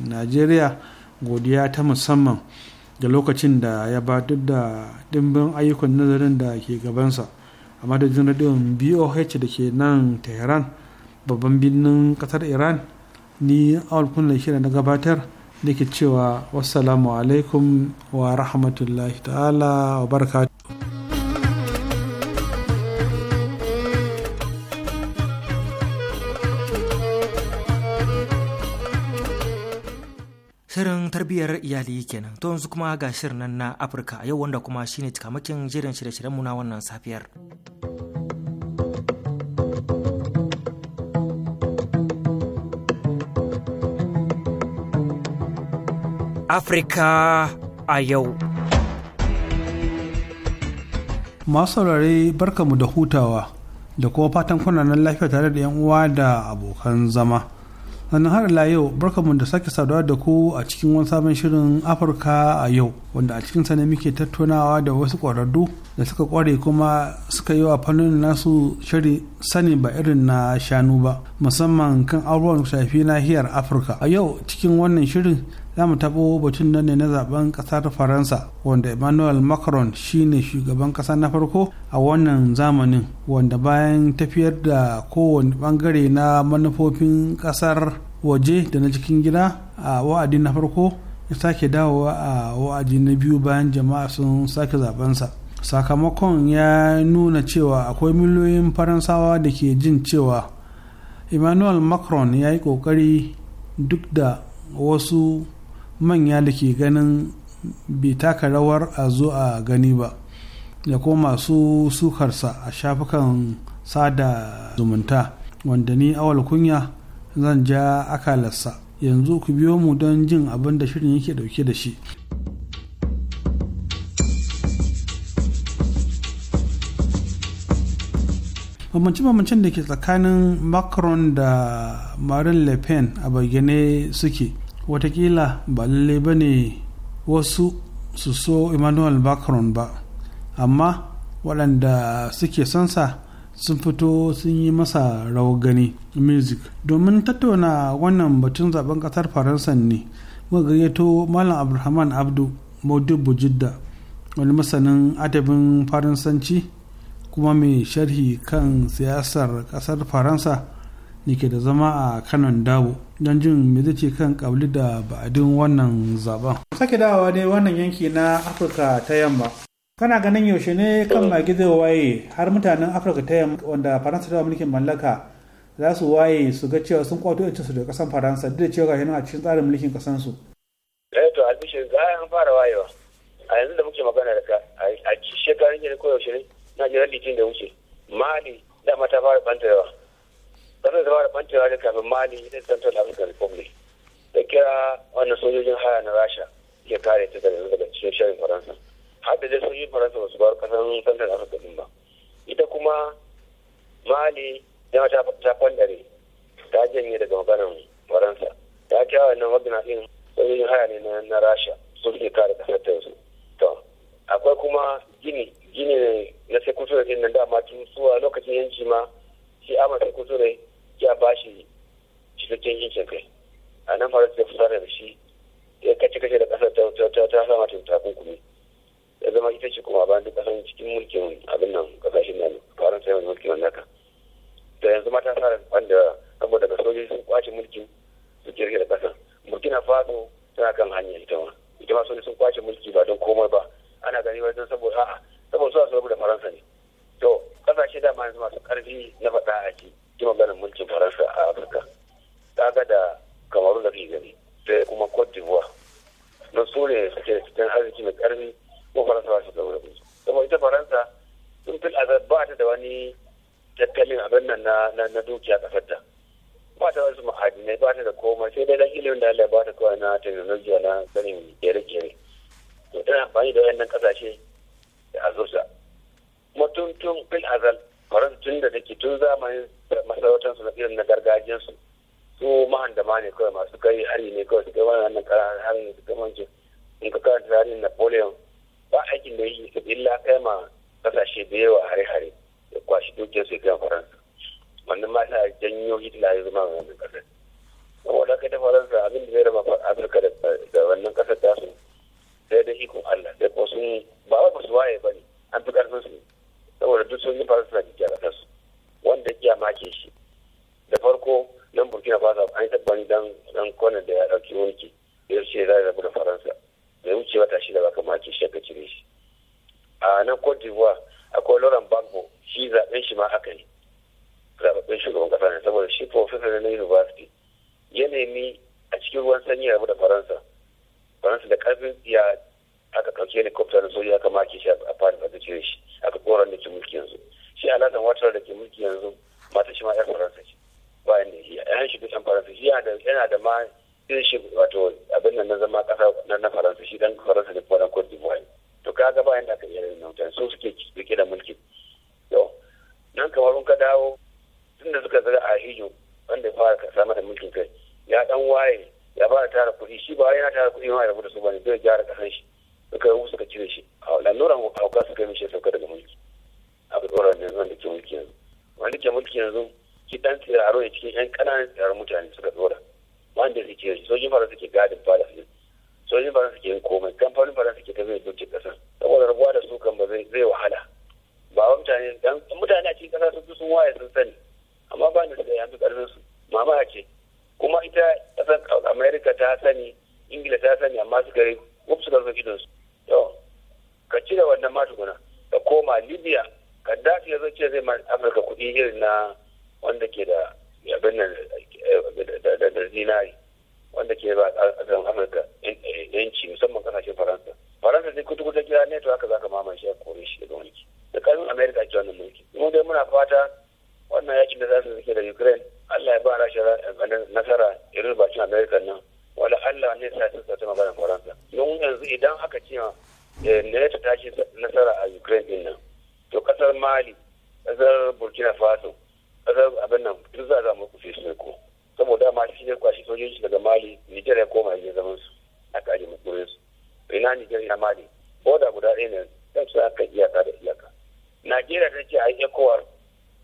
nigeria godiya ta musamman da lokacin da ya ba duk da dimbin ayyukan nazarin da ke gabansa a madadin radiyon boh da ke nan tehran babban birnin kasar iran ni awal da shida na gabatar da ke cewa wassalamu alaikum wa rahmatullahi ta'ala wa barakatuh tarbiyyar iyali kenan to yanzu kuma ga shirin nan na afirka yau wanda kuma shine cikamakin jirin shirye-shiryen mu na wannan safiyar afirka a yau masu saurare barkamu da hutawa da kuma fatan kuna nan lafiya tare da 'yan uwa da abokan zama sannan har ila yau barkamu da sake saduwa da ku a cikin wani sabon shirin afirka a yau wanda a cikin ne muke tattaunawa da wasu ƙwararru da suka kware kuma suka yi wa fannin nasu shiri sani ba irin na shanu ba musamman kan abubuwan shafi nahiyar afirka a yau cikin wannan shirin za mu tabo batun nan ne na zaben kasar faransa wanda emmanuel macron shine shugaban kasa na farko a wannan zamanin wanda bayan tafiyar da kowane bangare na manufofin kasar waje da na cikin gida a wa'adi na farko ya sake dawowa a wa'adi na biyu bayan jama'a sun sake zabensa sakamakon ya nuna cewa akwai miliyoyin faransawa da ke jin cewa emmanuel macron ya yi kokari duk da wasu manya da ke ganin bai taka rawar a zo a gani ba da koma masu sukarsa a shafukan sada zumunta wanda ni awal kunya zan ja akalarsa yanzu ku biyo mu don jin abin da shirin yake dauke da shi bambance-bambancen da ke tsakanin macron da marine le pen a bayyane suke watakila ba lalle ba ne wasu su so emmanuel macron ba amma waɗanda suke sonsa sun fito sun yi masa rawar gani music domin tattauna wannan batun zaben ƙasar faransa ne muka gayyato malam abdulrahman abdu maudubu jidda wani masanin adabin faransanci kuma mai sharhi kan siyasar ƙasar faransa ne ke da zama a kanan dawo don jin me zai ce kan kabli da ba'adin wannan zaben. sake dawowa ne wannan yanki na afirka ta yamma kana ganin yaushe ne kan magi zai waye har mutanen afirka ta yamma wanda faransa ta mulkin mallaka za su waye su ga cewa sun kwato yancin su da kasan faransa duk da cewa yana a cikin tsarin mulkin kasan su. eh to albishir za a fara wayewa a yanzu da muke magana da ka a shekarun yanzu ko yaushe ne na jiran litin da wuce mali dama ta fara bantarewa sannan zama da bancewa da kafin mali da central african republic da kira wannan sojojin haya na rasha ke kare ta daga daga cikin shirin faransa har da dai sojojin faransa su bar kasan central africa din ba ita kuma mali ya ta kwandare ta janye daga maganar faransa ta kira wannan magana din sojojin haya ne na rasha su ke kare kasar ta yanzu to akwai kuma gini gini na sai kusurai din nan dama tun suwa lokacin yanci ma shi amma sai kusurai ya ba shi cikakken yancin kai a nan fara ta fusa da shi ya kace kace da kasar ta ta ta ta sama ta kunkumi ya zama ita ce kuma bayan duk kasar cikin mulkin abin nan kasashen nan faransa yana mulkin wannan ka da yanzu mata fara wanda saboda daga sojoji sun kwace mulkin su kirke da kasar mulkin burkina faso tana kan hanya ita ma ita ma sojoji sun kwace mulki ba don komai ba ana gani wajen saboda a'a saboda su a saboda faransa ne to kasashe dama yanzu masu karfi na faɗa a ciki ta maganin mulkin faransa a afirka kaga da kamaru da gani. sai kuma cote d'ivoire don su ne suke da cikin arziki mai karfi ko faransa ba su da wuri saboda ita faransa sun fi ba ta da wani tattalin abin nan na dukiya kasar ta ba ta wasu ma'adinai ba ta da komai sai dai dan ilimin da Allah ba ta kawai na teknolojiya na sanin kere-kere to tana amfani da wayannan kasashe da azusa kuma tun tun fil azal farin tun da nake tun zamanin masarautar su na irin na gargajiyar su su mahandama ne kawai masu kai hari ne kawai su kai wani wannan ƙananan harin su kai wancan in ka karanta tarihin napoleon ba aikin da yi su illa kai ma kasashe da yawa hare-hare da kwashi dukiyar su kai faransa wannan ma sa janyo hitler ya zama wannan kasar. saboda kai ta faransa abin da zai raba afirka da wannan kasar ta su sai da ikon allah sai ko sun ba wa ba su waye ba ne an fi karfin su saboda duk sun yi faransa da gyara wanda ya make shi da farko nan burkina faso an yi tabbani dan dan kwanan da ya dauki mulki ya ce za a rabu da faransa da wuce wata da baka kama shi shaka cire shi a nan cote d'ivoire akwai laurent gbagbo shi zaben shi ma aka yi zaɓaɓɓen shugaban ƙasa ne saboda shi professor na university ya nemi a cikin ruwan sanyi rabu da faransa faransa da ƙarfin ya aka ɗauki helicopter da soja aka maki shi a fadin aka cire shi aka kora da ke mulki yanzu shi alasan watar da ke mulki yanzu mata shi ma yar faransa ce bayan ne shi yan shi can faransa shi yana da ma irin shi wato abin nan na zama ƙasa na faransa shi dan faransa da kuma dan cote d'ivoire to kaga bayan da aka iya rage mutane su suke rike da mulki yau nan kamar ka dawo tun da suka zira a hijo wanda ya fara samar da mulkin kai ya dan waye ya fara tara kuɗi shi ba yana tara kuɗi ma ya rabu da su ne zai gyara ƙasar shi suka yi suka cire shi a laluran hauka suka yi mishi sauka daga mulki a ɗora da yanzu da ke mulki yanzu wanda ke mulki yanzu shi dan tsiraro ya cikin yan ƙananan tsirarar mutane suka ɗora wanda suke shi sojin faransa ke gadin fada sojin faransa ke yin komai kamfanin faransa ke ta zai doke ƙasar saboda rabuwa da su kan ba zai wahala ba mutane dan mutane a cikin kasa sun fi sun waye sun sani amma ba ni da yanzu karfin su mama ce kuma ita kasar amerika ta sani ingila ta sani amma su yi wuf su zo idonsu cire wannan ma tukuna ka koma libya kaddafi ya zo ce zai afirka kuɗi irin na wanda ke da abin nan da zinari wanda ke ba tsarin afirka yanci musamman kasashen faransa faransa zai kutu kuta kira neto haka zaka mamaye ya kore shi daga wani da karfin amerika ke wannan mulki mu dai muna fata wannan yakin da za su suke da ukraine allah ya ba rashin nasara irin bakin amerika nan wala allah ne sa su ta magana faransa don yanzu idan aka ce da ta tashi nasara a ukraine din nan to kasar mali kasar burkina faso kasar abin nan duk za a mu kufe su ko saboda ma shi ne kwashi sojoji daga mali nijar ya koma ya zaman su aka kaji mutumin su ina nijar ya mali boda guda ɗaya ne kan su aka iyaka da iyaka najeriya ta ce a yi ecowas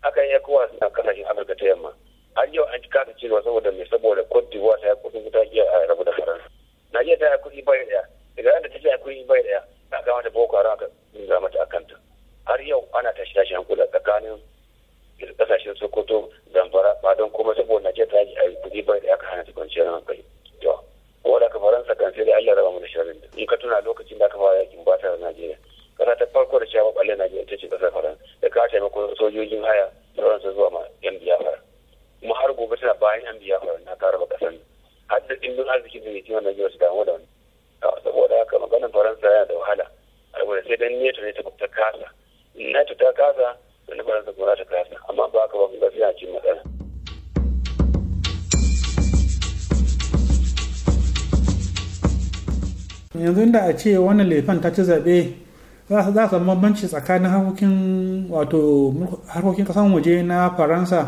aka yi ecowas na kasashen afirka ta yamma har yau an kasa cewa saboda mai saboda cote d'ivoire ta yi kudin wuta a rabu da faransa najeriya ta yi kudi bai daya daga yadda ta ce a kudi bai daya a ga mata boko haram ka nuna mata akan ta har yau ana tashi tashi hankula tsakanin kasashen sokoto zamfara ba don kuma saboda na ce ta yi a yi bai da aka hana ta kwanciyar hankali to ko da ka faransa kan sai da allah raba mu da sharrin da in ka tuna lokacin da aka fara yakin ba ta najeriya kasa ta farko da cewa balle najeriya ta ce kasar faransa da ka taimako sojojin haya da sa zuwa ma yan biyafara kuma har gobe tana bayan yan biyafara na karaba kasar har da ɗimbin arziki da yake wannan jiwa su damu da wani saboda haka maganin faransa yana da wahala saboda sai dan neto ne ta kasa neto ta kasa da na faransa kuma ta kasa amma ba haka ba kuma suna cin matsala. yanzu da a ce wannan laifin ta ci zaɓe za a samu bambanci tsakanin harkokin wato harkokin kasan waje na faransa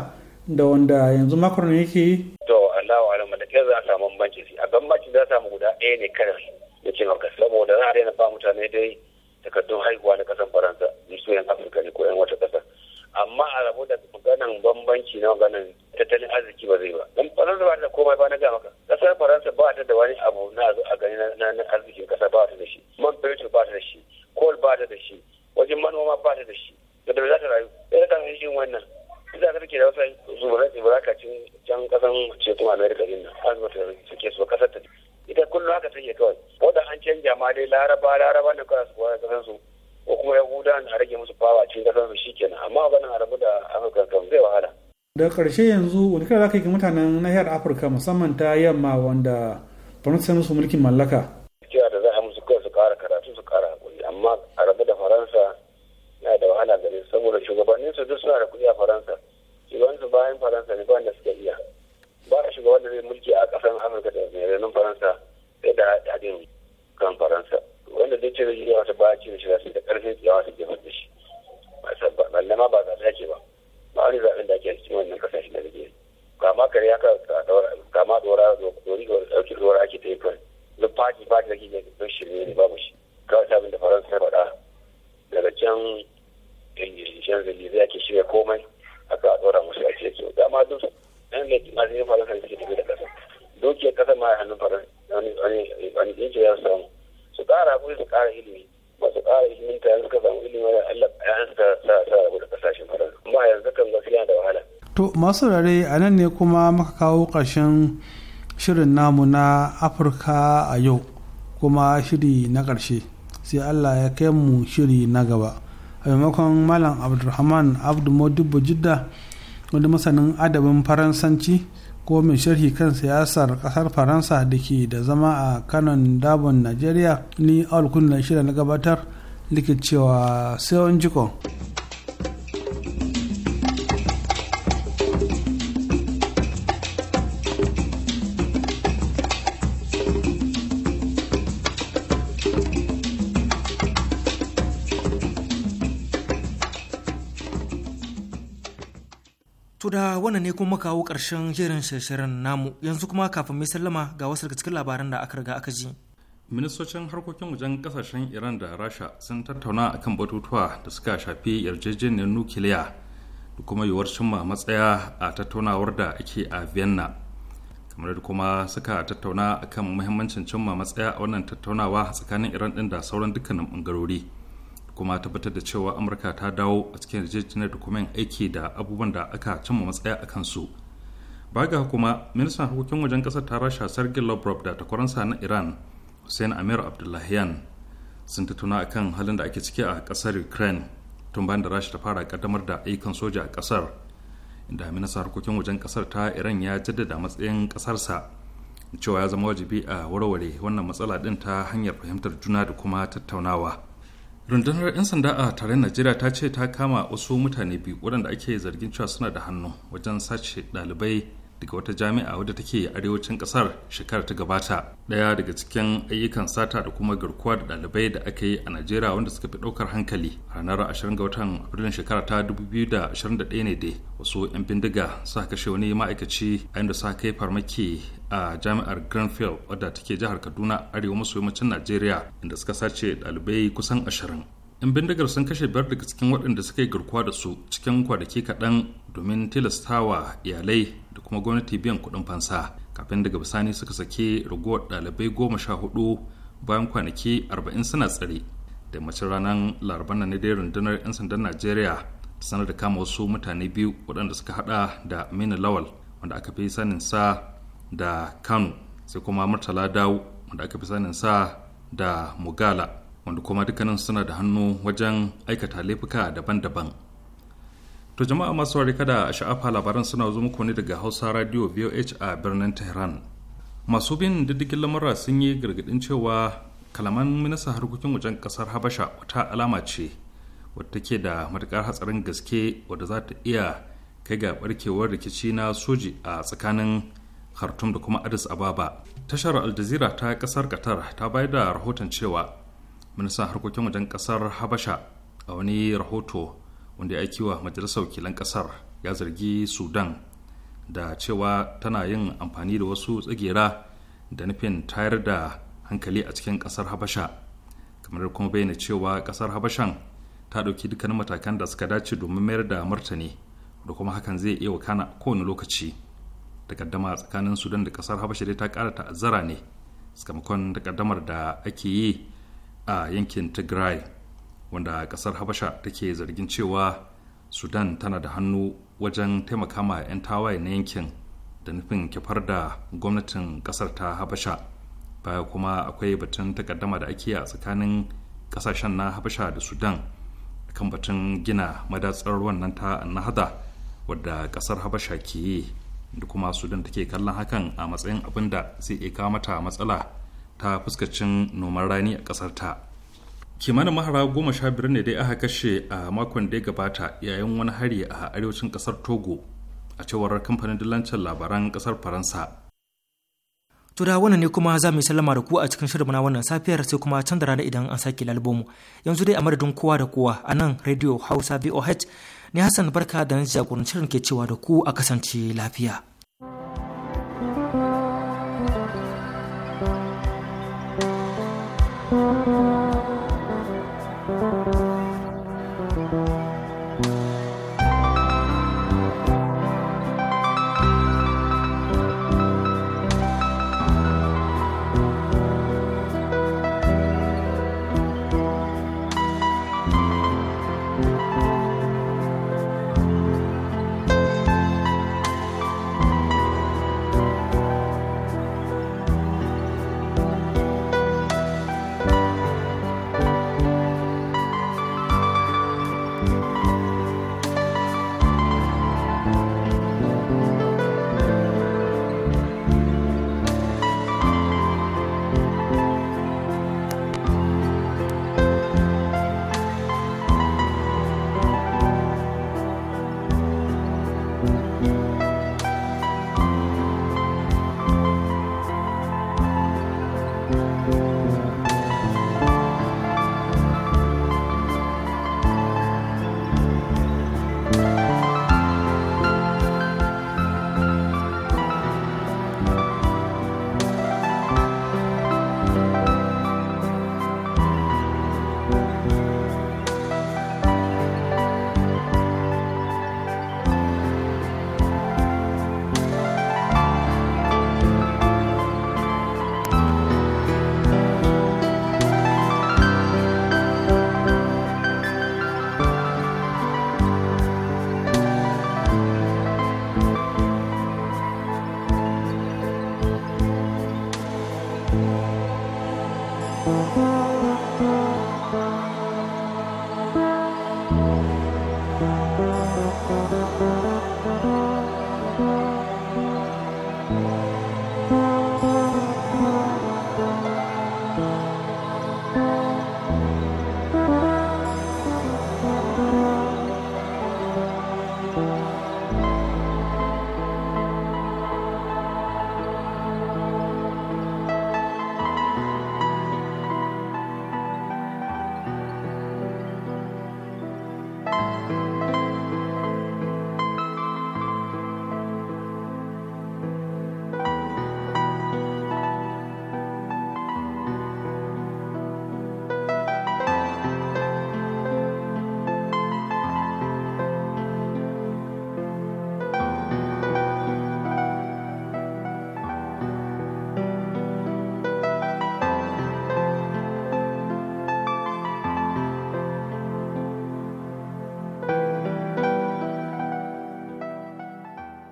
da wanda yanzu makon yake yi? to allahu alam da ke za a samu bambanci a bambanci za a samu guda ɗaya ne kawai ya ce maka saboda za a daina ba mutane dai takardun haihuwa na kasan faransa ni su yan afirka ne ko yan wata kasa amma a rabu da maganan bambanci na maganan tattalin arziki ba zai ba don faransa ba da komai ba na ga maka kasar faransa ba ta da wani abu na zo a gani na arzikin kasa ba ta da shi man fetur ba ta da shi kol ba ta da shi wajen manoma ba ta da shi da da za ta rayu sai ka san shin wannan ita ka take da wasu zubarati baraka can kasan ce kuma america din nan azumata suke so kasar ta ita kullum haka take kawai ko da an canja ma dai laraba laraba ne kawai su koya kasan su ko kuma yahuda na rage musu fawa cikin kasan su kenan amma ganin arabu da afirka kan zai wahala da karshe yanzu wani kira zaka yi ga mutanen nahiyar afirka musamman ta yamma wanda faransa musu mulkin mallaka cewa da za a musu kawai su kara karatu su kara hakuri amma arabu da faransa yana da wahala gare saboda shugabanninsu duk suna da kuɗi a faransa shugabansu bayan faransa ne ba da suka iya ba a shiga wanda zai mulki a ƙasar amurka da mai renon faransa sai da haɗin kan faransa wanda zai ce zai wata ba a ce da shi zasu da ƙarfin tsayawa su ke da shi balle ma ba zaɓe ake ba ba wani zaɓen da ake cikin wannan shi na zai kama kare haka kama dora dori ga ɗauki dora ake ta yi kan duk fati fati da ke ne don shirme ne babu shi kawai sabin da faransa ya faɗa daga can yanzu eh, eh, zai ake shirya komai aka ɗora musu ake so dama duk ɗan da masu yin faransa da cikin tafi da ƙasa dokiyar ƙasa ma hannun faransa wani ɗinke ya samu su ƙara kuɗi su ƙara ilimi ba su ƙara ilimin ta suka samu ilimin da Allah ya suka sa sa rabu da ƙasashen faransa amma yanzu kan gaskiya da wahala. to masu rare a nan ne kuma muka kawo ƙarshen shirin namu na afirka a yau kuma shiri na ƙarshe sai allah ya kai mu shiri na gaba a maimakon malam abdulrahman abdu modibo jidda wani masanin adabin faransanci ko mai sharhi kan siyasar kasar faransa da ke da zama a kanon dabon nigeria ni shirya na gabatar likicewa sai wani jikon. wannan ne kuma kawo ƙarshen shirin shirin namu yanzu kuma kafin mai sallama ga wasu daga cikin labaran da aka riga aka ji. Ministocin harkokin wajen kasashen Iran da Rasha sun tattauna akan batutuwa da suka shafi yarjejeniyar nukiliya da kuma yiwuwar cimma matsaya a tattaunawar da ake a Vienna. Kamar da kuma suka tattauna akan muhimmancin cimma matsaya a wannan tattaunawa tsakanin Iran din da sauran dukkanin bangarori. kuma tabbatar da cewa amurka ta dawo a cikin yarjejeniyar dokumen aiki da abubuwan da aka cimma matsaya a kansu baga kuma ministan harkokin wajen kasar ta rasha sergei lavrov da takwaransa na iran hussein amir abdullahian sun tattauna kan halin da ake ciki a kasar ukraine tun bayan da rasha ta fara kaddamar da ayyukan soja a kasar inda ministan harkokin wajen kasar ta iran ya jaddada matsayin kasarsa cewa ya zama wajibi a warware wannan matsala din ta hanyar fahimtar juna da kuma tattaunawa rundunar 'yan sanda a taron najeriya ta ce ta kama wasu mutane biyu waɗanda ake zargin cewa suna da hannu wajen sace ɗalibai daga wata jami'a wadda take arewacin kasar shekara ta gabata daya daga cikin ayyukan sata da kuma garkuwa da dalibai da aka yi a najeriya wanda suka fi daukar hankali ranar 20 ga watan afrilun shekara ta 2021 ne dai wasu 'yan bindiga suka kashe wani ma'aikaci a inda suka kai farmaki a jami'ar granville wadda take jihar kaduna arewa maso yammacin najeriya inda suka sace dalibai kusan ashirin. 'yan bindigar sun kashe biyar daga cikin waɗanda suka yi garkuwa da su cikin kwanaki kaɗan domin tilastawa iyalai da kuma gwamnati biyan kuɗin fansa kafin daga bisani suka sake ragowar ɗalibai goma sha hudu bayan kwanaki arba'in suna tsare da mace ranar laraba na dai rundunar 'yan sandan najeriya ta sanar da kama wasu mutane biyu waɗanda suka hada da aminu lawal wanda aka fi sanin sa da kano sai kuma murtala dawo wanda aka fi sanin sa da mugala wanda kuma dukkanin suna da hannu wajen aikata laifuka daban-daban To jama'a masu ware kada a sha'afa labaran suna zo muku ne daga Hausa Radio VOH a birnin Tehran. Masu bin diddigin lamura sun yi gargadin cewa kalaman minista harkokin wajen kasar Habasha wata alama ce wadda ke da matukar hatsarin gaske wadda za ta iya kai ga barkewar rikici na soji a tsakanin Khartoum da kuma Addis Ababa. Tashar Al Jazeera ta kasar Qatar ta bayar da rahoton cewa ministan harkokin wajen kasar Habasha a wani rahoto wanda ya aiki wa majalisar wakilan kasar ya zargi sudan da cewa tana yin amfani da wasu tsagera da nufin tayar da hankali a cikin kasar habasha kamar kuma bayyana cewa kasar habashan ta ɗauki dukkanin matakan da suka dace domin mayar da martani da kuma hakan zai iya wakana kowane lokaci takaddama tsakanin sudan da kasar habasha dai ta ƙara ta'azzara ne sakamakon takaddamar da ake yi a yankin tigray wanda kasar habasha take zargin cewa sudan tana da hannu wajen taimaka ma 'yan tawaye na yankin da nufin kifar da gwamnatin kasar ta habasha baya kuma akwai batun takaddama da ake a tsakanin kasashen na habasha da sudan kan batun gina madatsar ruwan nan ta nahada wadda kasar habasha ke yi da kuma sudan take kallon hakan a matsayin abin da zai iya mata matsala ta fuskacin noman rani a kasar ta kimanin mahara goma sha biyar ne dai aka kashe a makon da ya gabata yayin wani hari a arewacin kasar togo a cewar kamfanin dillancin labaran kasar faransa To da wannan ne kuma za mu sallama da ku a cikin shirin na wannan safiyar sai kuma can da rana idan an sake lalbomu. Yanzu dai a madadin kowa da kowa a nan Radio Hausa VOH ne Hassan Barka da na jagorancin ke cewa da ku a kasance lafiya.